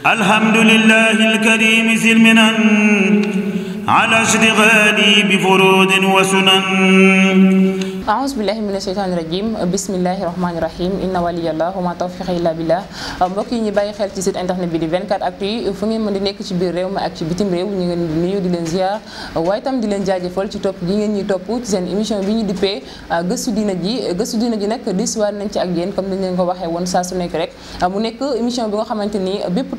الحمد لله الكريم ذي المنن على اشتغالي بفروض وسنن aouzu billahi mina sheytaani rajim bismillahi rahmaani rahim inna waliyallahu ma tawfiqa illa billah mbokk yi ñu bàyyi xel ci site internet bi di 24 fu ngeen mën di nekk ci biir réew mi ak ci bitim réew ñu ngeen di di leen ziar waaye tam di leen jaajëfal ci topp gi ngeen ñuy topp ci seen émission bi ñu dippee ah, gëstu diina diina ji nag disuwaar nañ ci ak yéen comme dañ ko waxee woon saa su nekk rek ah, mu nekk émission bi nga xamante ni bépp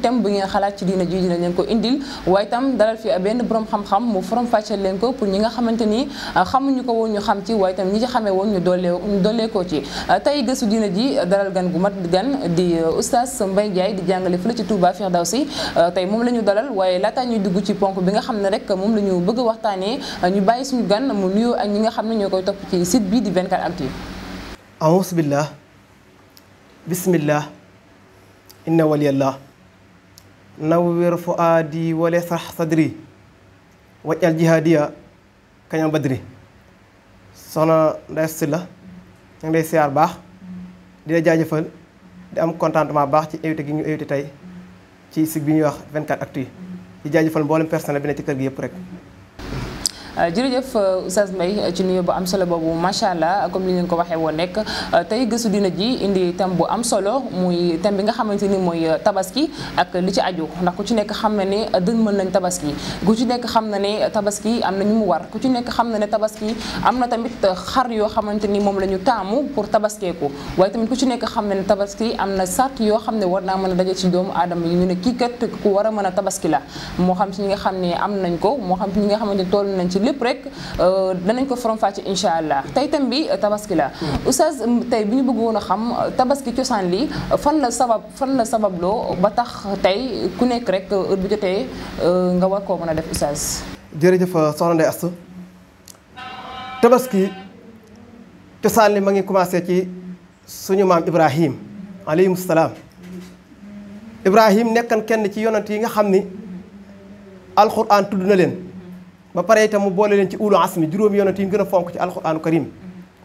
thème xamee woon ñu doole ñu doole ci tey gëstu diina ji daral gan gu mat gan di euh, oustaz Mbaye Ndiaye di jàngale fële ci Touba Firdawsi euh, tey moom la ñu dalal laataa ñuy dugg ci ponk bi nga xam ne rek moom la ñu bëgg waxtaanee euh, ñu bàyyi suñu gan mu ak ñi nga xam ne ñoo koy topp ci site bii di 24actu. aouzu billah bismillah inna waliyallah nawwir fuaadi sax sadri wajal jihaadiya kañam badri soxna Ndeye Astou la ñu ngi lay siyaar baax di la jaajëfal di am contentement baax ci invité gi ñu invité tey ci sig bi ñuy wax 24 actu yi di jaajëfal mboolem personnel bi ne ci kër gi yëpp rek. Euh, jërëjëf euh, Oustaz Mbaye euh, ci nuyu bu am solo boobu macha allah comme li ngeen ko waxee woon nekk tey gëstu dina ji indi thème bu am solo muy thème bi nga xamante ni mooy tabaski ak li ci aju ndax ku ci nekk xam na ne dën mën nañ tabaski ku ci nekk xam na ne tabaski am na mu war ku ci nekk xam na ne tabaski am na tamit xar yoo xamante ni moom la ñu taamu pour tabaskeeku waaye tamit ku ci nekk xam na ne tabaski am na sart yoo xam ne war naa mën a daje ci doomu aadama yi ñu ne kii kat ku war a mën a tabaski la moo xam ci ñi nga xam ne am nañ ko moo xam ci ñi nga xamante toll nañ ci lépp rek euh, danañ ko faram fàcce incha allah tey tam bi euh, tabaski la oustaz tey bi ñu bëgg woon a xam euh, tabaski cosaan li fan la sabab fan la sababloo ba tax tey ku nekk rek heure bu jotee nga war koo mën a def oustaz. jërëjëf soxna Ndeye Astou tabaski cosaan li ma ngi commencé ci suñu maam Ibrahim aleyhum salaam Ibrahim nekkan kenn ci yonent yi nga xam ni alxuraan tudd na leen. ba pare itam mu boole leen ci ulu asmi juróomi yonent yi mu gën a fonk ci alquranu karim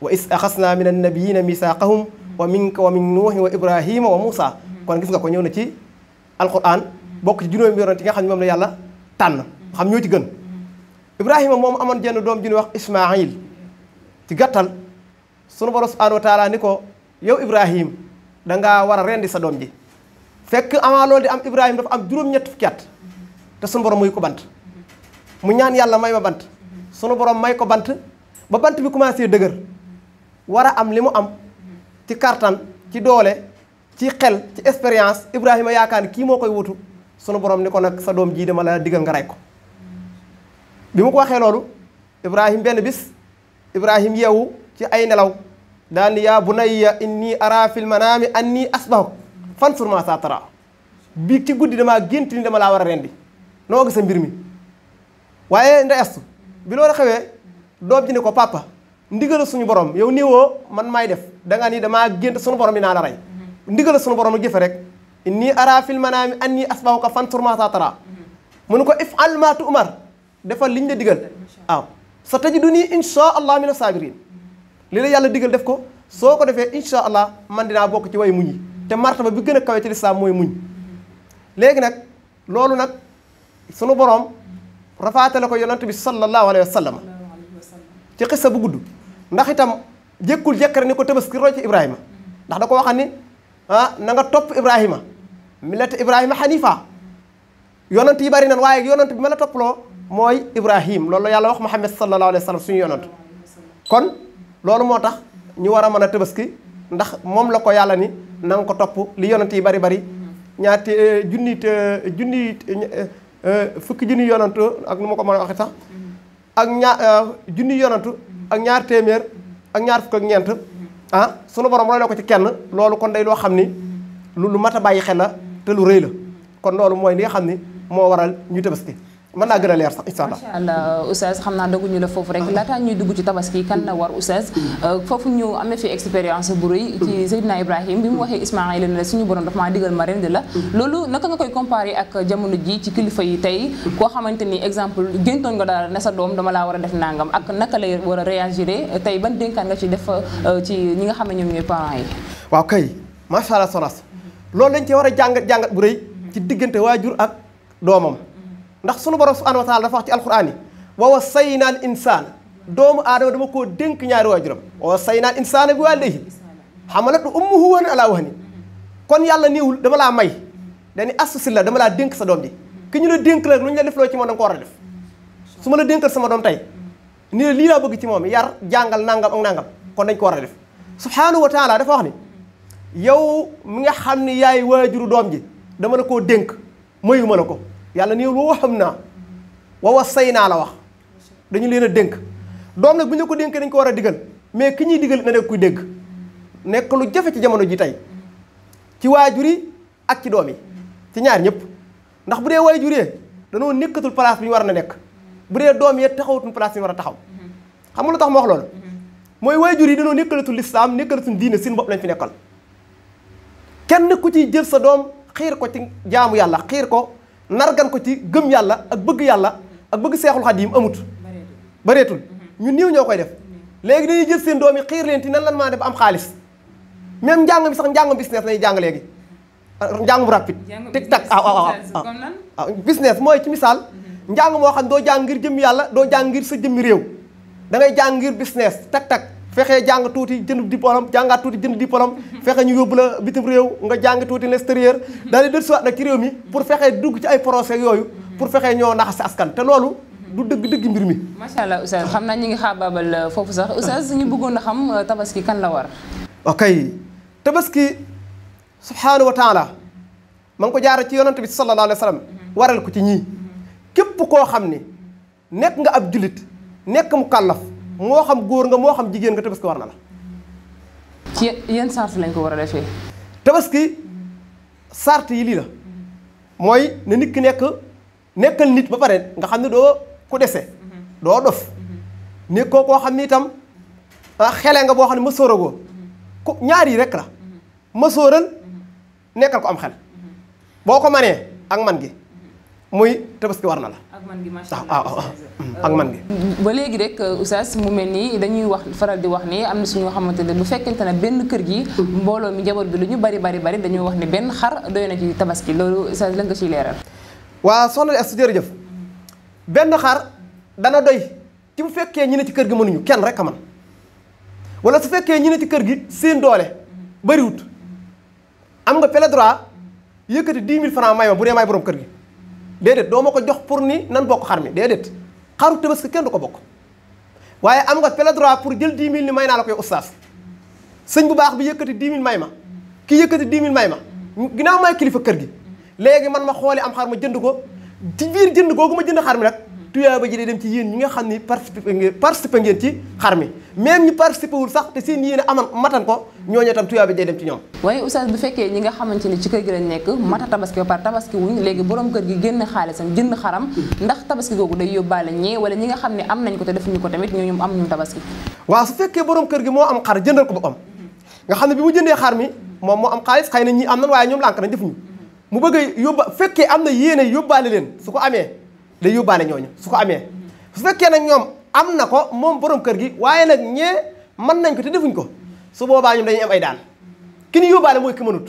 wa is axasna min annabiyina misaqahum wa minka wa min nuuhin wa ibrahima wa muusa kon gis nga ko ñëw na ci alquran bokk ci juróom yonent yi nga xam ne moom yàlla tànn xam ñoo ci gën ibrahima moom amoon jenn doom ju ñuy wax ismail ci gàttal sunu borom subhanahu wa ko yow ibrahim danga war a rendi sa doom ji fekk amaa loolu di am ibrahima dafa am juróom-ñett fukki at te sunu borom muy ko bant mu ñaan yàlla may ma bant sunu borom may ko bant ba bant bi commencé dëgër war a am li mu am ci kartan ci doole ci xel ci expérience Ibrahima yaakaar ni kii moo koy wutu sunu borom ni ko nag sa doom jii dama laa digal nga rey bi mu ko waxee loolu Ibrahima benn bis Ibrahima yeewu ci ay nelaw daal ni yaa bunayya inni ara fil manaami anni asbahu fansur maa saa tara bi ci guddi damaa gént ni dama laa war a rendi noo sa mbir mi waaye nda est bi loolu xewee doom ji ne ko papa ndigal suñu borom yow nii woo man maay def dangaa ni damaa gént suñu borom yi naa la rey ndigal suñu borom a jëfe rek inni ara fil manaami anni ka fanzur maaza taraa mu ne ko if'al maa tu'mar defal liñ la digal waaw sa tajidunii inshaa allah mina saabiriin li la yàlla digal def ko soo ko defee inshaa allah man dinaa bokk ci way muñ yi te martaba bi gën a kawe ci lislaam mooy muñ léegi nag loolu nag sunu borom rafaatale ko yonent bi sallallahu alayhi wa sallam ci xissa bu gudd ndax itam jékkul jëkkër ni ko tabaski roy ci Ibrahima ndax da ko waxal ni ah na nga topp Ibrahima millata Ibrahima xanifa yonent yi bari nan waaye yonent bi ma la topploo mooy Ibrahim loolu yàlla wax Muhammad sallallahu alayhi wa sallam suñu yonent kon loolu moo tax ñu war a mën a tabaski ndax moom la ko yàlla ni na nga ko topp li yonent yi bari bari ñaati junni junni Eh, fukki junni yonantu ak nu ma ko mën a waxee sax ak ñaar eh, junni yonantu ak ñaar téeméer ak ñaar fukk ak ñeent ah sunu borom roy na ko ci kenn loolu kon day loo xam ni lu lu mat a bàyyi xel la te lu rëy la kon loolu mooy li nga xam ni moo waral ñu tabaski mën naa gën a leer sax incha allah macha allah euh, oustaz xam naa dugg ñu la foofu rek ah. laataa ñuy dugg ci tabaski kan la war oustaz euh, foofu ñu amee fi expérience bu rëy ci hmm. Seydina Ibrahim bi mu waxee Ismaïla ne la suñu borom dafa maa digal ma rend la hmm. loolu naka nga koy comparé ak jamono ji ci kilifa yi tey koo xamante ni exemple géntoon nga daal ne sa doom dama laa war a def nangam ak naka lay war a réagir tey ban dénkaan nga ci def euh, ci ñi nga xam ne ñoom ñooy parents yi waaw kay macha loolu lañ ci war a jàngat jàngat bu rëy ci diggante waajur ak doomam ndax sunu borom subhanahu wa taala dafa wax ci alquran yi wa wasayna al insaan doomu aadama dama koo dénk ñaari waajuram wa wasayna al insaana bi waalidayhi hamalatu ummuhu wahnan alaa wahnin kon yàlla néewul dama laa may dañu astusi la dama laa dénk sa doom ji ki ñu la dénk la ñu la defloo ci moom da ko war a def su ma la dénkal sama doom tey ni la lii laa bëgg ci moom yar jàngal nangam nangam kon dañ ko war a def subhanahu wa taala dafa wax ni yow nga xam ne yaay waajuru doom ji dama la koo dénk mayu ma la ko yàlla néew wa waxam naa wa wasay naa la wax dañu leen a dénk doom nag bu ñu ko dénkee dañ ko war a digal mais ki ñuy digal na nekk kuy dégg nekk lu jafe ci jamono ji tey ci waajur yi ak ci doom yi ci ñaar ñëpp ndax bu dee waajur yi danoo nekkatul place bi ñu war na nekk bu dee doom yi taxawatul place bi war a taxaw xam nga lu tax ma wax loolu mooy waajur yi danoo nekkalatul lislaam nekkalatul diine seen bopp lañ fi nekkal kenn ku ciy jël sa doom xiir ko ci jaamu yàlla xiir ko nargan ko ci gëm yàlla ak bëgg yàlla ak bëgg seexul xadiim amut bareetul ñu néew ñoo koy def léegi dañuy jël seen doom yi xiir leen ci nan lan maa def am xaalis même njàng mi sax njàng njàngum business lañuy jàng léegi njàngum rapide tic tac ah ah ah, ah. ah business mooy ci misaal mhm. njàng moo xam doo jàng ngir jëm yàlla doo jàng ngir sa jëmmi réew dangay ngay jàng ngir business tak tak fexe jàng tuuti jënd diplôme jàngaat tuuti jënd diplôme fexe ñu yóbbu la bitim réew nga jàng tuuti l'extérieur daal di dëlsiwaat nag ci réew mi pour fexe dugg ci ay procès yooyu pour fexe ñoo naxas si askan te loolu du dëgg dëgg mbir mi macha allah oustaz xam naa ñu ngi xaabaabal euh, foofu sax ah. oustaz ñu bëggoon a xam euh, tabaski kan la war ok tabaski subhaanahu wa taala ma ngi ko jaara ci yonante bi sallallahu alayhi wa waral ko ci ñii képp koo xam ni nekk nga ab julit nekk mu kàllaf moo xam góor nga moo xam jigéen nga tabaski war na la. ci yenn sart lañ ko war a defee. tabaski sart yi lii la mooy na nit ki nekk nekkal nit ba pare nga xam ne doo ku dese. doo dof ne koo xam ne itam ah, xele nga boo xam ne ma sóoragoo ku ñaar yi rek la ma sóoral nekkal ko am xel boo ko manee ak man gi. muy tabaski war na la. ak man gi macha ah, ah, ah, allah mm, ak man gi. Euh, ba léegi rek euh, oustaz mu mel nii dañuy wax faral di wax ni am na suñu xamante ne bu fekkente ne benn kër gi. mbooloo mi njaboot bi lu ñu bari bari bari dañoo wax ne benn xar doy na ci tabaski loolu oustaz la nga ciy leeral. waa soxna Astou jërëjëf benn xar dana doy ci bu fekkee ñi ne ci kër gi mënuñu kenn rek a man wala su fekkee ñi ne ci kër gi seen doole bariwut am nga pele droit yëkkati 10 000 francs may ma bu dee may borom kër gi. déedéet doo ma ko jox pour ni nan bokk xar mi déedéet xaru tabaski kenn du ko bokk waaye am nga pele droit pour jël 10 000 ni may naa la koy oustaz sëñ bu baax bi yëkkati 10 000 may ma ki yëkkati 10 may ma ginnaaw may kilifa kër gi léegi man ma xooli am xar ma jënd ko ci biir jënd googu ma jënd xar mi nag tuyaa ba ji dee dem ci yéen ñi nga xam ni participé ngeen ci xar mi même ñu participé wul sax te seen yéene aman matan ko ñooñu itam tuyaa bi day dem ci ñoom waaye oustaz bu fekkee ñi nga xamante ni ci kër gi lañ nekk mata tabaski ba pare tabaski wuñ léegi borom kër gi génn xaalisam jënd xaram ndax tabaski googu day yóbbaale ñee wala ñi nga xam ne am nañ ko te ñu ko tamit ñooñu am ñu tabaski waaw su fekkee borom kër gi moo am xar jëndal ko ba am nga xam ne bi mu jëndee xar mi moom moo am xaalis xay na ñi am nan waaye ñoom lànk nañ defuñu mu bëgg a yóbba fekkee am na yéene yóbbaale leen su ko amee day yóbbaale ñooñu su ko amee fekkee nag ñoom am na ko moom borom kër gi waaye nag ñee mën nañ ko te defuñ ko su boobaa ñoom dañuy am ay daan ki ñu yóbbaale mooy ki mënut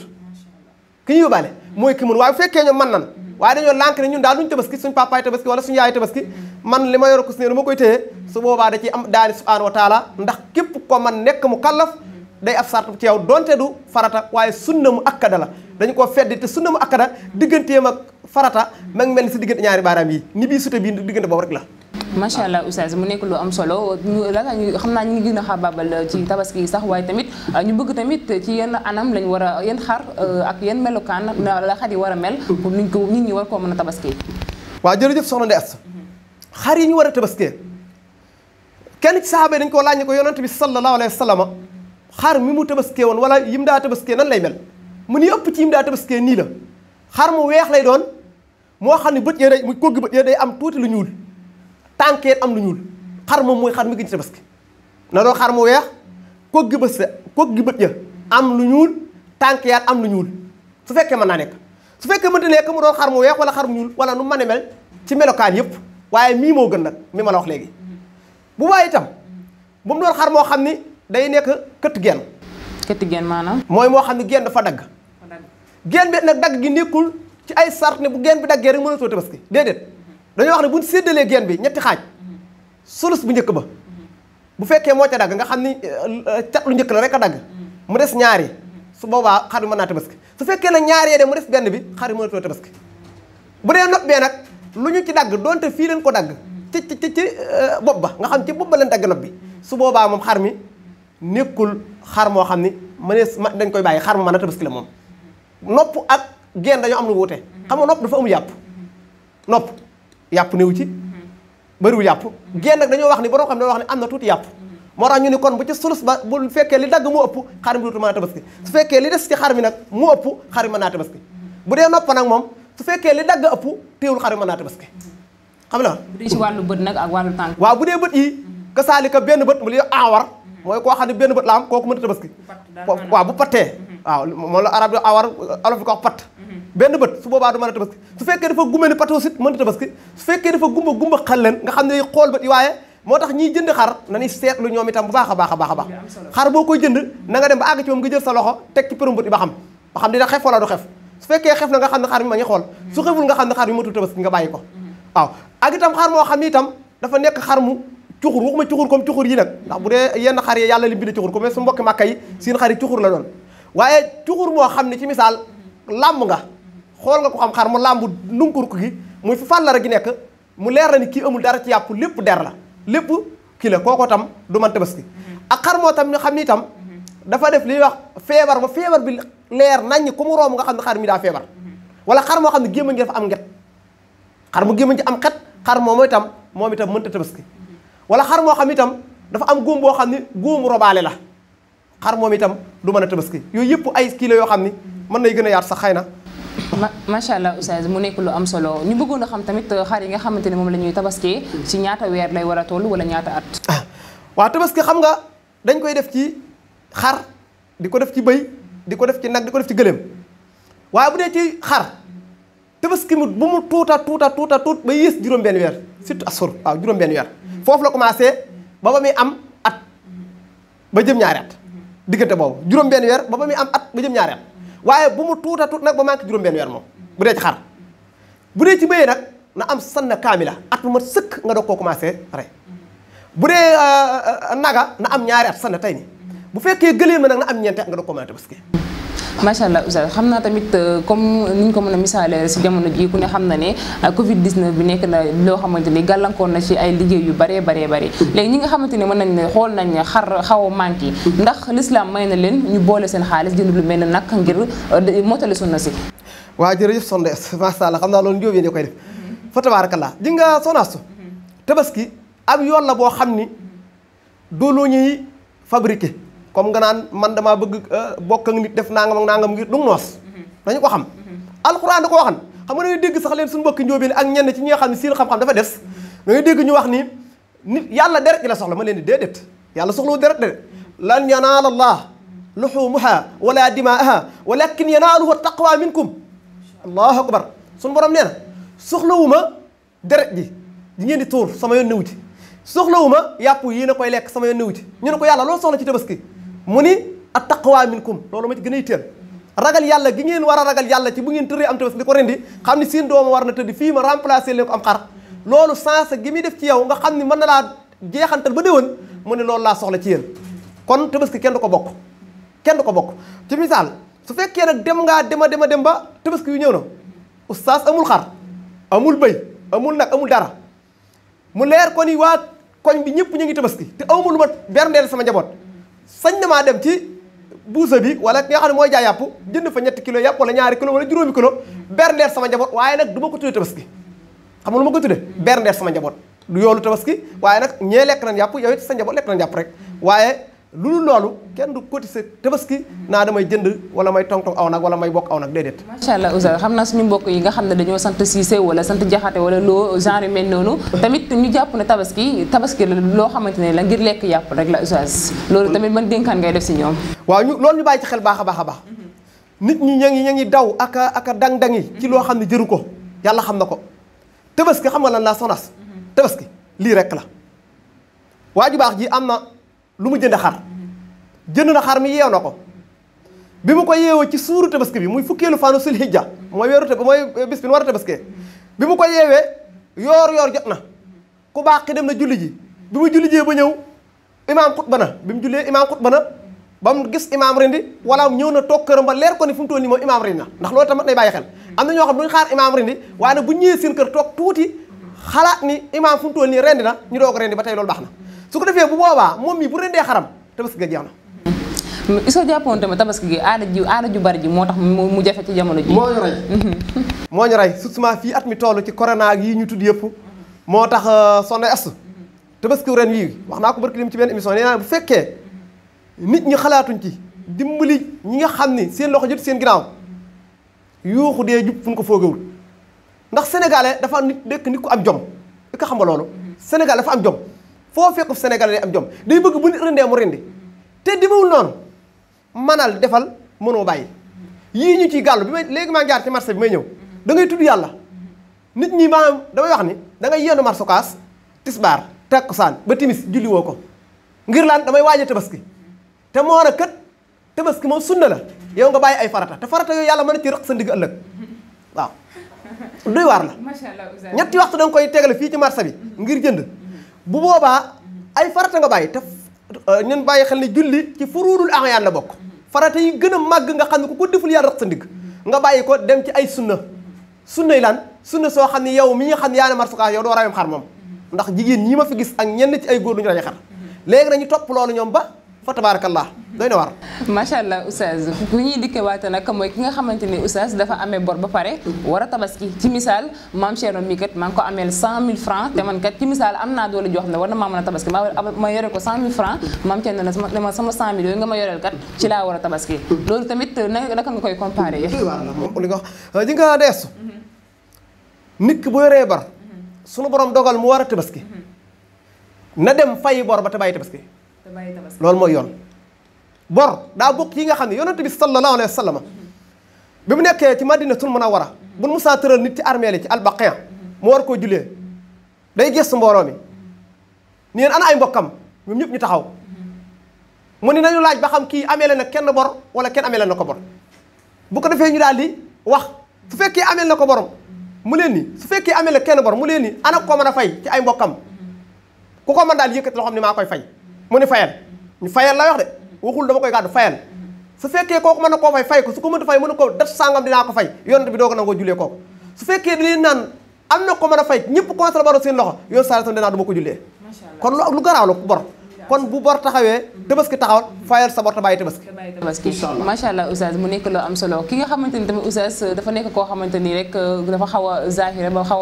ki ñu mooy ki mënut waaye fekkee ñoom mën nan waaye dañoo lànk ne ñun daal duñ tabaski suñ papaay tabaski wala suñu yaay tabaski man li ma yor ko si ne ma koy téye su boobaa da am daani subhaanahu wa taala ndax képp ko man nekk mu kallaf day ab sart ci donte du farata waaye sunna mu akkada la dañu koo feddi te sunna mu akkada digganteem ak farata ma ngi mel ni si diggante ñaari baaraam yi ni bii sute bii diggante boobu rek la macha allah oustaz mu nekk lu am solo ñu la xam naa ñu ngi gën a xabaabal euh, ci tabaski sax waaye tamit euh, ñu bëgg tamit ci yenn anam lañ war a yenn xar euh, ak yenn melokaan la xar yi war a mel pour niñ ko nit ñi war koo mën a tabaski waaw jërëjëf soxna Ndeye Assa yi ñu war a tabaskee kenn ci saxaaba yi dañ koo laaj ne ko yonent bi sallallahu alayhi wa sallam xar mi mu tabaskee woon wala yim daa tabaskee nan lay mel mu ni ëpp ci yim daa tabaskee nii la xar mu weex lay doon moo xam ne bët yee day mu koggi bët yee day am tuuti lu ñuul tànkeet am lu ñuul xar moom mooy xar mu gën ci tabaski na doon xar mu weex kog gi bët sa kog gi bët ya am lu ñuul tànkeet am lu ñuul su fekkee mën naa nekk su fekkee mënta nekk mu doon xar mu weex wala xar mu ñuul wala nu mën a mel ci melokaan yëpp waaye mii moo gën nag mi ma la léegi bu bàyyi itam bu mu doon xar moo xam ni day nekk këtt genn genn maanaam mooy moo xam ne genn fa dagg genn bi nag dagg gi nekkul ci ay sart ne bu genn bi daggee rek mënatoo tabaski déedéet dañoo wax ne bu séddalee geen bi ñetti xaaj sulus bu njëkk ba bu fekkee moo ca dagg nga xam ni euh, cat lu njëkk la rek a dagg mu des ñaari su boobaa xar bi mën naa tabaski su fekkee nag ñaari yee mu des benn bi xar bi mënatoo tabaski bu dee nopp bee nag lu ci dagg donte fii leen ko dagg ci ci ci euh, bopp ba nga ci bopp ba dagg nopp bi su boobaa moom xar mi nekkul xar moo xam ni ma dañ koy bàyyi xar mu mën a tabaski la moom nopp ak geen dañoo am lu wute xam nga nopp dafa amul yàpp nopp yàpp néew ci bëriwul yàpp génn nag dañoo wax ni borom xam ne dañoo wax ne am na tuuti yàpp moo tax ñu ni kon bu ci sulus ba bu fekkee li dagg mu ëpp xar mi dootu mën a tabaski su fekkee li des ci xar mi nag mu xar mi mën naa bu dee nopp nag moom su fekkee li dagg ëpp téewul xar mi mën naa tabaski xam la bu dee ci wàllu bët nag ak wàllu tànk waaw bu dee bët yi kasaalika benn bët mu li awar mooy koo xam ne benn bët la am kooku mën a tabaski waaw bu pattee mhm. waaw moom la arab awar alof bi ko wax patt mhm. benn bët su boobaa du mën a tabaski su fekkee dafa gumbe ni patt aussi a tabaski su fekkee dafa gumba gumba xal leen nga xam ne xool bët yi waaye moo tax ñiy jënd xar nañuy seetlu ñoom itam bu baax a baax a baax a baax xar boo koy jënd na nga dem ba àgg ci moom nga jël sa teg ci përum bët yi ba xam ba xam dina xef wala xef su fekkee xef na nga xam ne xar mi ma ñu su mhm. xeful nga cuxur waxuma cuxur comme cuxur yi nag ndax bu dee yenn xar yi yàlla li bind cuxur comme su mbokki màkka yi seen xar yi cuxur la doon waaye cuxur moo xam ne ci misaal làmb nga xool nga ko xam xar mu làmb ndunkur ko gi muy fi fàllara gi nekk mu leer na ni kii amul ci yàpp lépp der la lépp kii la kooko tam du man tabaski ak xar moo tam ñu xam ni itam dafa ba feebar bi leer naññ ku mu room nga xam ne xar mi daa feebar wala xar moo xam ne gémmañ gi dafa am nget xar mu gémmañ ci am xet xar tam mënta tabaski wala xar moo xam itam dafa am góom boo xam ni góomu robaale la xar moom itam du mën a tabaski yooyu yëpp ay kii la yoo xam ni mën nay gën a yaatu sax xay na. macha allah oustaz mu nekk lu am solo ñu bëggoon a xam tamit euh, xar yi nga xamante ne moom la ñuy tabaskee ci ñaata weer lay war a toll wala ñaata at. ah waaw tabaski xam nga dañ koy def ci xar di ko def ci bëy di ko def ci nag di ko def ci gëléem waaye bu dee ci mu bu mu tuuta tuuta tuuta tuut ba yées juróom-benn weer surtout asur waaw juróom weer. foofu la commencé ba ba muy am at ba jëm ñaari at diggante boobu juróom-benn weer ba ba muy am at ba jëm ñaari at waaye bu mu tuuta tuut nag ba manqué juróom-benn weer moom bu dee ci xar bu dee ci bëyee nag na am sanna kaamila at bu mat sëkk nga doog koo commencé rey bu dee euh, euh, naga na am ñaari at sanna tey ni bu fekkee gëlee ma nag na am ñeente at nga doog ko mën a tabaski macha allah oustaz xam naa tamit euh, comme ni ñu ko mën a misaalee si jamono ji ku ne xam na ne euh, Covid 19 bi nekk na loo xamante ni gàllankoor na ci ay liggéey yu baree baree baree léegi ñi nga xamante ne mën nañ ne xool nañ ne xar xaw a manqué ndax l'islam may na leen ñu boole seen xaalis jënd lu mel na nag ngir euh, motali sunna si waa jërëjëf soxna macha allah xam naa loolu njóob yéen a koy def mhm. fa tabaarakallaa di nga soxnaasu mhm. tabaski ab yoon la boo xam ni dooloo ñuy fabriqué comme nga naan man damaa bëgg euh, bokk ak nit def nangam ak nangam ngir du noos dañu ko xam alxuraan da ko waxan xam nga da ngay dégg sax leen suñu mbokki njóobeen ak ñenn ci ñi nga xam ne seen xam-xam dafa des dégg ñu wax ni nit yàlla deret ji la soxla ma leen di déedéet yàlla soxlawu deret de lan yanaal allah luxumuha wala dimaaha walakin yanaaluhu taqwa minkum allahu akbar suñu borom nee na soxlawuma deret ji di ngeen di tuur sama yoon newuti soxlawuma yàpp yii na koy lekk sama yoon newuti ñu ko yàlla loolu soxla ci tabaski mu ni at taqwa minkum loolu ma ci gën a yitteel ragal yàlla gi ngeen war a ragal yàlla ci bu ngeen tëree am tabaski di ko rendi xam ni seen dooma war na tëdd fii ma remplacé leen ko am xar loolu sens gi muy def ci yow nga xam ni mën na laa jeexantal ba déwén mu ne loolu laa soxla ci yéen kon tabaski kenn du ko bokk kenn du ko bokk ci misaal su fekkee nag dem ngaa dema dema dem ba tabaski yu ñëw na ustaas amul xar amul bëy amul nag amul dara mu leer ko ni waa koñ bi ñëpp ñu ngi tabaski te awma lu ma berndeel sama njaboot sañ na maa dem ci buuse bi wala ki nga xam ne mooy jaay yàpp jënd fa ñetti kilos yàpp wala ñaari kilo wala juróomi kilo berndeer sama njaboot waaye nag du ma ko tuddee tabaski xam nga lu ma ko tuddee berndeer sama njaboot du yoolu tabaski waaye nag ñee lekk nañ yàpp yow it sa njaboot lekk nañ yàpp rek lu dul loolu kenn du cotiser tabaski naa damay jënd wala may tong tong aw nag wala may bokk aw nag déedéet. macha allah Ousseyn xam su ñu mbokk yi nga xam ne dañoo sant Cissé wala sant Jaxate wala loo genre yu mel tamit ñu jàpp ne tabaski tabaski la loo xamante ne la ngir lekk yàpp rek la Oustaz loolu tamit man dénkaan ngay def si ñoom. ñu loolu ñu bàyyi ci xel baax a nit ñi ña ngi ña ngi daw ak a ak a dang-dang yi ci loo xam ne jëru ko yàlla xam na ko tabaski xam nga lan laa soxnaas mhm. tabaski lii rek la waa baax ji am na lu mu jënd xar jënd na xar mi yeew na ko bi mu ko yeewoo ci suuru tabaski bi muy fukkeelu faanu sul hijja mooy weeru te mooy bis bi nu war a bi mu ko yeewee yoor yoor jot na ku baax ki dem na julli ji bi mu julli jee ba ñëw imaam xutba na bi mu jullee imaam xutba na ba mu gis imaam rindi wala ñëw na toog këram ba leer ko ni fu mu toll nii moom imaam rindi na ndax loolu tamit day bàyyi xel am na ñoo xam duñ xaar imaam rindi waaye bu ñëwee seen kër toog tuuti xalaat ni imaam fu mu toll nii rendi na ñu doog rendi ba tey loolu baax na su ko defee bu boobaa moom mi bu dee xaram tabaski ga jeex na est-ce que jàppoon tamit gi aada ji aada ju bari ji moo tax mu jafe ci jamono ji moo ñu rey mhm. moo ñu fii at mi toll ci corona yi ñu tudd yëpp moo tax euh, sonn est tabaski ren yii wax naa ko barki lim ci benn émission nee bu fekkee nit ñi xalaatuñ ci dimbali ñi nga xam ni seen loxo jot seen ginnaaw yuuxu dee jub fu ko foogewul ndax sénégalais dafa nit dëkk nit ku am jom li ko xam nga loolu sénégal dafa am jom foo fekk Sénégal day am jom day bëgg bu nit rëndee mu rëndi te dimawul noonu manal defal mënoo bàyyi yi ñu ciy gàllu bi may léegi maa jaar ci marché bi may ñëw da ngay tudd yàlla nit ñi maanaam damay wax ni da ngay yendu marché te tisbaar takkusaan ba timis julli ko ngir laan damay waaje tabaski te moo na kat tabaski moom sunna la yow nga bàyyi ay farata te farata yooyu yàlla mën na ci rëq sa ndigg ëllëg waaw doy waar la ñetti waxtu da nga koy tegale fii ci marché bi ngir jënd bu boobaa ay farata nga bàyyi te euh, ñun bàyyi xel ne julli ci furuudul ahyaan la bokk farata yi gën a màgg nga xam ne ko ko deful yàlla rëq sa ndigg nga bàyyi ko dem ci ay sunna sunna yi lan sunna soo xam ne yow mi nga xam ne yaa ne marsukaa yow doo rawem xar moom ndax jigéen ñi ma fi gis ak ñenn ci ay góor duñu rañe xar léegi nañu topp loolu ñoom ba fa tabarakallah doy na war macha allah oustaz bu ñuy dikkee waate nag mooy ki nga xamante ni oustaz dafa amee bor ba pare war a tabaski ci misaal maam Thierno mii kat maa ko ameel cent mille francs te man kat ci misaal am naa doole joo xam ne war na maa mën a tabaski ma ma yore ko cent mille francs maam Thierno na a naka nga koy comparé li nga wax euh, deesu nit ki bu yoree bar sunu borom dogal mu war a tabaski na dem fay bor ba te bàyyi tabaski loolu mooy yoon bor daa bokk yi nga xam ne yonent bi sallallahu alayhi wa sallam bi mu nekkee ci madinatul munawwara bu nu musaa tëral nit ti armeel ci albaqiya mu war koo jullee day gëstu mbooloo mi ni leen ana ay mbokkam ñoom ñëpp ñu taxaw mu ni nañu laaj ba xam kii amee na kenn bor wala kenn amee na ko bor bu ko defee ñu daal di wax su fekkee ameel na ko bor mu leen ni su fekkee amee na kenn bor mu leen ni ana ko mën a fay ci ay mbokkam ku ko mën daal yëkkati loo xam ne maa koy fay mu ne fayal ñu fayal la wax de ko dama koy gàddu fayal su fekkee kooku mën na koo fay fay ko su ko mënta fay mën na ko def sàngam dinaa ko fay yonent bi doo ko nangoo jullee kooku su fekkee di naan am na ko mën a fay ñëpp commencé la baro seen loxo yoon saaai sal dinaa du ma ko jullee kon lu lu garaaw la ku bor kon bu bor taxawee tabaski taxawal fayal sa bor te bàyyi tabaski tabaski macha allah oustaz ni tamit oustaz dafa nekk koo ni rek dafa xaw a zahira ba xaw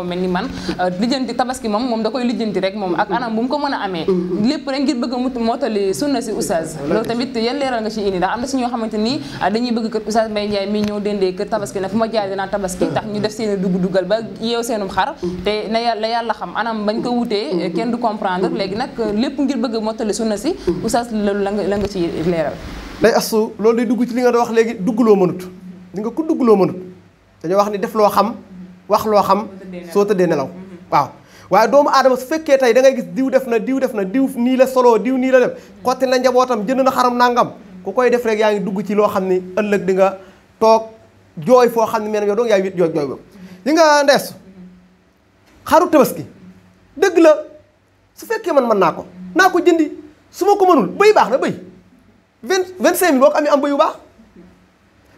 moom da koy lijjanti rek moom ak anam bu mu ko mën a amee lépp rek ngir bëgg a mut mootali sunna si oustaz bëgg kër oustaz Mbaye Ndiaye mi ñëw dendee kër tabaski na fu ma jaar ba yeew seenum xar te na yàlla yàlla xam anam bañ ko wutee kenn du comprendre léegi nag lépp ngir bëgg mottali sunna si oustaz loolu la nga la nga ci leeral day astu loolu day dugg ci li nga doon wax léegi duggloo mënut li nga ko loo mënut dañoo wax ni def loo xam wax loo xam soo tëddee nelaw waaw waaye doomu aadama su fekkee tey da ngay gis diw def na diw def na diw nii la solo diw nii la def xotti na njabootam jënd na xaram nangam ku koy def rek yaa ngi dugg ci loo xam ni ëllëg di nga toog jooy foo xam ne meenam yow dong yaa ngi wit jooy jooy boobu yi nga ndees xaru tabaski dëgg la su fekkee man mën naa ko su ma ko mënul bëy baax na bëy vingt vingt cinq mille boo ko amee am bëy bu baax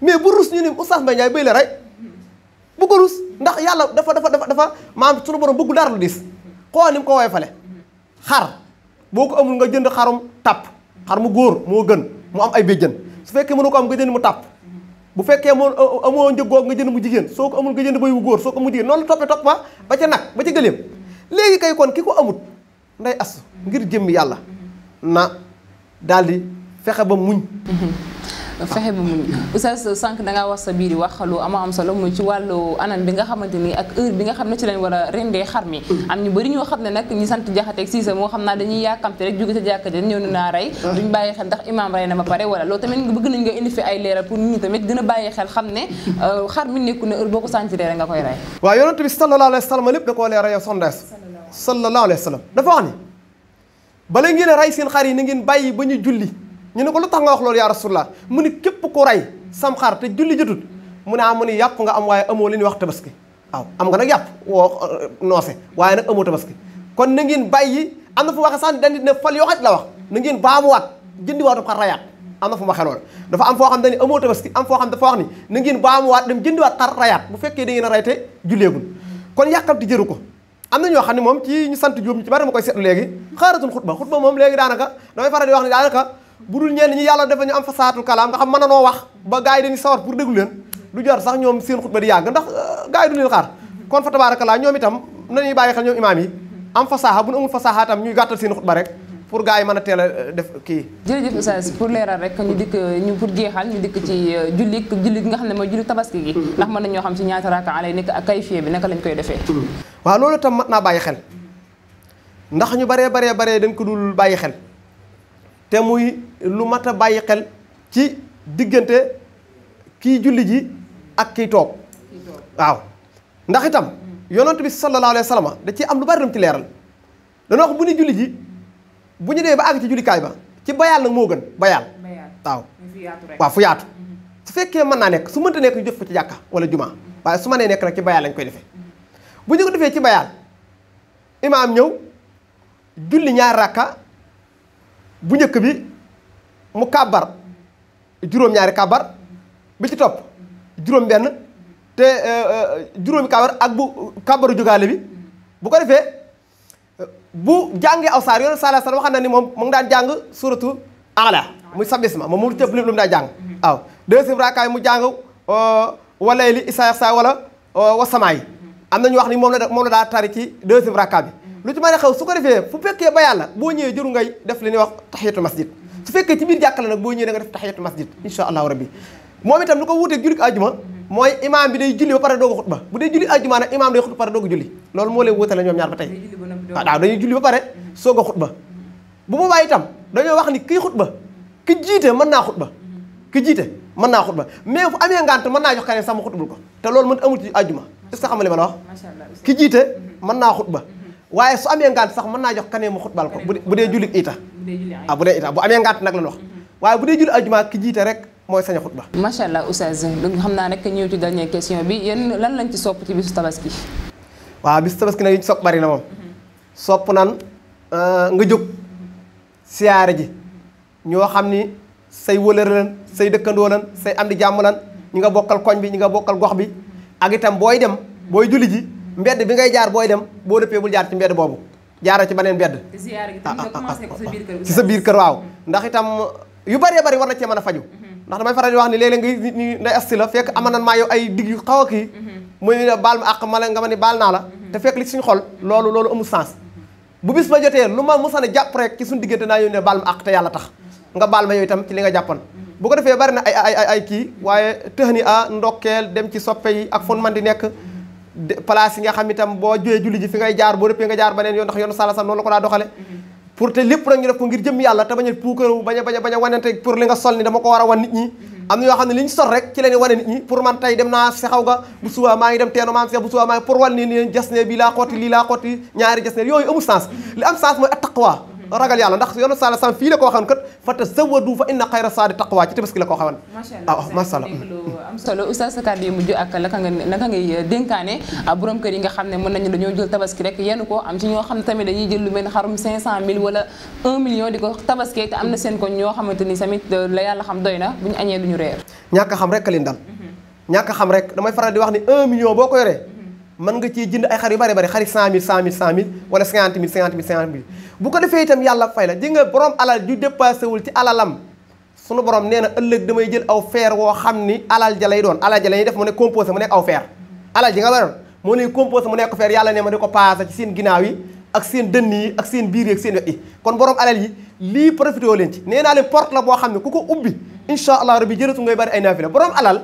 mais bu rus ñu ne oustaz Mbaye Ndiaye bëy la rek bu ko rus ndax yàlla dafa dafa dafa dafa maanaam suñu borom bu dara lu diis xool ni mu ko woy fale xar boo ko amul nga jënd xarum tàpp xar mu góor moo gën mu am ay jën su fekkee mënu ko am nga jënd mu tàpp bu fekkee moo amoo njëg googu nga jënd mu jigéen soo ko amul nga jënd ba bu góor soo ko amul noonu la toppee topp ba ba ca nag léegi kay kon ki ko amut nday asu ngir jëmmi yàlla na daal di fexe ba muñ. Mm-hmm. fexe ba muñ oustaz sànq da ngaa wax sa biir wax lu ama am solo mu ci wàllu anam bi nga xamante ni ak heure bi nga xam ne ci lañ war a rendee xar mi mm-hmm. am ñu bëri ñoo xam ne nag ñi sant jaxateeg siisa moo xam naa dañuy yaakamte rek jóge sa jàkka ja ñëw naa rey ah. duñ bàyyi xel ndax imam rey na ma pare wala loolu tamit bëgg nañ nga indi fi ay leeral pour nit ñi tamit gën a bàyyi xel xam ne euh, xar mi nekku ne heure boo ko sentiree rek nga koy rey waaw yonent bi sallallahu alayhi wa lépp da koo leeral yow sondees sallallahu bala ngeen a rey seen xar yi na ngeen bàyyi ba ñu julli ñu ne ko lu tax nga wax loolu yaa rasulullah mu ni képp ku rey sam xar te julli jotut mu ne ah mu yàpp nga am waaye amoo li ñuy wax tabaski waaw am nga nag yàpp woo euh, noose waaye nag amoo tabaski kon na ngeen bàyyi am na fu waxe sax dañ ne yoo xaj la wax na ngeen baamuwaat jëndiwaatu xar rayaat am na fu mu waxee loolu dafa am foo xam dañ amoo tabaski am foo xam dafa wax ni na ngeen waat dem jëndiwaat xar rayaat bu fekkee da ngeen a rey te julleegul kon yàkkamti jëru ko am na ñoo xam ne moom ci ñu sant Jóob ñu ci bari ma koy seetlu léegi xaaratul xutba xutba moom léegi daanaka damay faral di wax ne daanaka bu dul ñenn ñi yàlla dafa ñu am fasaatul kalaam nga xam mën na wax ba gars yi sawar pour déglu leen du jar sax ñoom seen xutba di yàgg ndax euh, gars yi du xaar kon fa tabaarakalaa ñoom itam nañuy bàyyi xel ñoom imaam yi am fasaaxa bu ñu amul fasaaxa itam ñuy gàttal seen xutba rek pour gars yi mën a teel a euh, def kii jërëjëf Oustaz leeral rek ñu dikk ñu pour jeexal ñu dikk ci euh, julli julli nga xam ne mooy julli tabaski gi mm-hmm. ndax mën nañoo xam ci ñaata raaka lay nekk ak kayfiye bi naka lañ koy defee mm-hmm. waaw loolu itam mat naa bàyyi xel ndax ñu baree baree baree dañ ko dul bàyyi xel te muy lu mat a bàyyi xel ci diggante kii julli ji ak kii toog waaw ndax itam mm-hmm. yonent bi sallallahu alayhi wa sallam da ci am lu bari dam ci leeral dana wax bu ni julli ji bu ñu demee ba àgg ci kaay ba ci bayaal nag moo gën bayaal waaw waaw fu yaatu mm-hmm. su fekkee mën naa nekk su mënta nekk ñu ci jàkka wala juma mm-hmm. waaye su mënee nekk nag ci bayaal lañ koy defee mm-hmm. ko defee ci bayaal imaam ñëw julli ñaar rakka bu njëkk bi mu kàbbar juróom-ñaari kàbbar bi ci topp juróom benn te euh, euh, juróomi kàbbar ak bu kàbbaru jógaale bi bu ko defee bu jàngee aw saar yoonu saala sal waxam na ni moom mu ngi daan jàng suratu ala muy sabisma moom mu tëpp lépp lu mu daan jàng mhm. waaw deuxième raakaay mu jàng euh, walay li isa sa wala euh, wasamaay yi mhm. am nañu wax ni moom la daa tari ci deuxième raakaay bi mhm. lu ci mën a xew su ko defee fu fekkee ba yàlla boo ñëwee jëru ngay def li ñuy wax taxiyatu masjid su fekkee ci biir jàkkale nag boo ñëwee da nga def taxiyatu masjid insha allahu rabbi moom itam lu ko wuuteeg julli àjjuma mooy imaam a xutba bu dee julli àjjuma nag imaam day a julli waaw ah, dañuy julli ba pare soog a xutba bu boobaa itam dañoo wax ni kii xutba ki jiite mën naa xutba ki jiite mën naa xutba mais fu amee ngant mën naa jox keneen sax mu xutbul ko te loolu mën amul ci àjjuma est-ce que xam nga li ma mhm. mën naa xutba mhm. waaye su amee ngant sax mën naa jox keneen mu xutbal ko bu dee julli ita ah bu dee ita bu amee ngant nag la wax mhm. waaye bu dee julli àjjuma ki jiite rek mooy sañ a xutba macha allah oustaz xam naa rek ñëw ci dernière question bi yéen lan lañ ci sopp ci bisu tabaski waaw bisu tabaski nag yi ci sopp bari na moom sopp nan euh, nga jóg siyaare ji ñoo xam ni say wëlëre lan say dëkkandoo lan say am di jàmm lan ñi nga bokkal koñ bi ñu nga bokkal gox bi ak itam booy dem booy julli ji mbedd bi ngay jaar booy dem boo dëppee bul jaar ci mbedd boobu jaaroo ci beneen mbedd. Ah, ah, ah, ci sa biir kër waaw ndax itam yu baree bëri war na cee mën a faju mhm. ndax damay faral di wax ni léeg-léeg ngay nit ñi nday la fekk ama nan maa yow ay digg yu xaw a kii mhm. muy baal ma àq ma la nga ma ni baal naa la mhm. te fekk li suñu xol loolu loolu amul sens bu bis ba jotee lu ma musa ne jàpp rek ci suñu diggante naa yónnee baal ma àq te yàlla tax nga baal ma yow itam ci li nga jàppoon boo ko defee bari na ay ay ay kii waaye tëx ni a ndokkeel dem ci soppe yi ak fon man di nekk place yi nga xam itam boo jóyee julli ji fi ngay jaar boo rëppee nga jaar beneen yoon ndax yoonu sala sam noonu la ko daa doxale pour te lépp nag ñu def ko ngir jëm yàlla te bañ a puukaru bañ a bañ a bañ a wanante pour li nga sol ni ko war a wan nit ñi mm-hmm. am na yoo xam ne li ñu sol rek ci leen wane nit ñi pour man tey dem naa sexaw ga bu suba maa dem teeno maam seex bu suba maa pour wan jas ne bii laa xotti lii laa xotti ñaari jas ne yooyu amul sens mm-hmm. li am sens mooy attaqwa ragal yàlla ndax yoonu sala sam fii la ko waxoon kat fa tazawwadu fa inna xayra saadi taqwa ci tabaski la ko waxoon ne mën nañu dañoo jël tabaski rek yenn ko am ci ñoo xam ne tamit dañuy jël lu mel xarum 500000 wala 1 million di ko tabaski te am na seen ko ñoo xamante ni tamit euh, la yàlla xam doy na bu añee du reer ñàkk xam rek leen dal mhm. ñàkk xam rek damay faral di wax ni 1 million boo ko yoree mën nga cee jënd ay xar yu bari bari xari 100000 100000 100000 wala 50000 50000 bu ko defee itam yàlla fay la di nga borom alal ju dépassé wul ci alalam sunu borom nee na ëllëg damay jël aw feer woo xam ni alal ja lay doon alal ja la ñuy def mu ne composé mu nekk aw feer alal ji nga waroon moo ne composé mu nekk feer yàlla ne ma di ko paase ci seen ginnaaw yi ak seen dënn yi ak seen biir yi ak seen wet kon borom alal yi lii profité woo leen ci nee naa leen la boo xam ne ku ko incha allah rabbi jërëtu ay naafila borom alal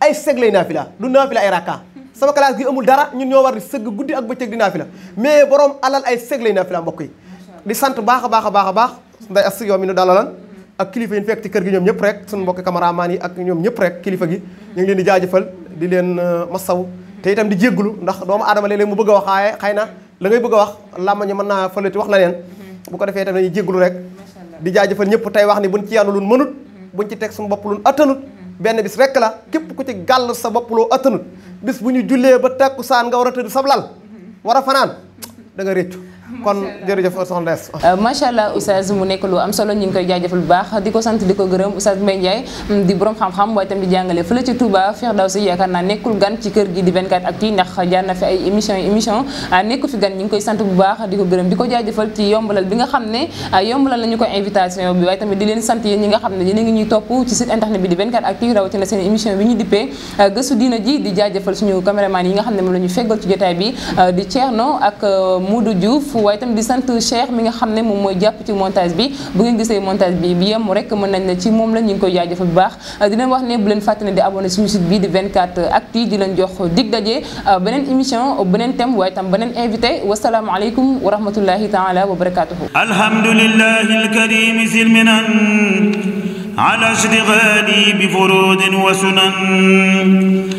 ay seg lay naafila du naafila sama classe gi amul dara ñun ñoo war di sëgg guddi ak bëccëg di naafila mais borom alal ay sëg lay naafila mbokk yi di sant baax a baax a baax a baax nday as yow mi nu dalalan ak kilifa yi fekk kër gi ñoom ñëpp rek suñu mbokki cameraman yi ak ñoom ñëpp rek kilifa gi ñu ngi leen di jaajëfal di leen euh, masaw te itam di jéggulu ndax doomu aadama léeg mu bëgg a wax xaaye xëy na la ngay bëgg a wax làmmañu mën naa fëlati wax na leen mhm. bu ko defee itam dañuy jéggulu rek di jaajëfal ñëpp tey wax ni buñ ci yaanu luñ mënut mhm. buñ ci teg su bopp luñ attanut mhm. benn bis rek la képp ku ci gàll sa bopp loo attanut bis bu ñu jullee ba takkusaan nga war a tëdd sablal war a fanaan da nga réccu kon jërëjëf soxna Ndees euh, macha allah yi nga xam ne yombalal nañu ko ci jotaay bi ah, di Thierno ak euh, Modou Diouf beaucoup waaye itam di sant Cheikh mi nga xam ne moom mooy jàpp ci montage bi bu ngeen gisee montage bi bi yem rek mën nañ ne ci moom la ñu ngi koy jaajëfal bu baax di leen wax ne bu leen fàttali di abonné suñu site bi di 24 actu di leen jox dig daje euh, beneen émission beneen thème waaye itam beneen invité wasalaamualeykum wa rahmatullahi taala wa barakatuhu alhamdulillahi alkarim silminan ala ishtighali bi furudin wa sunan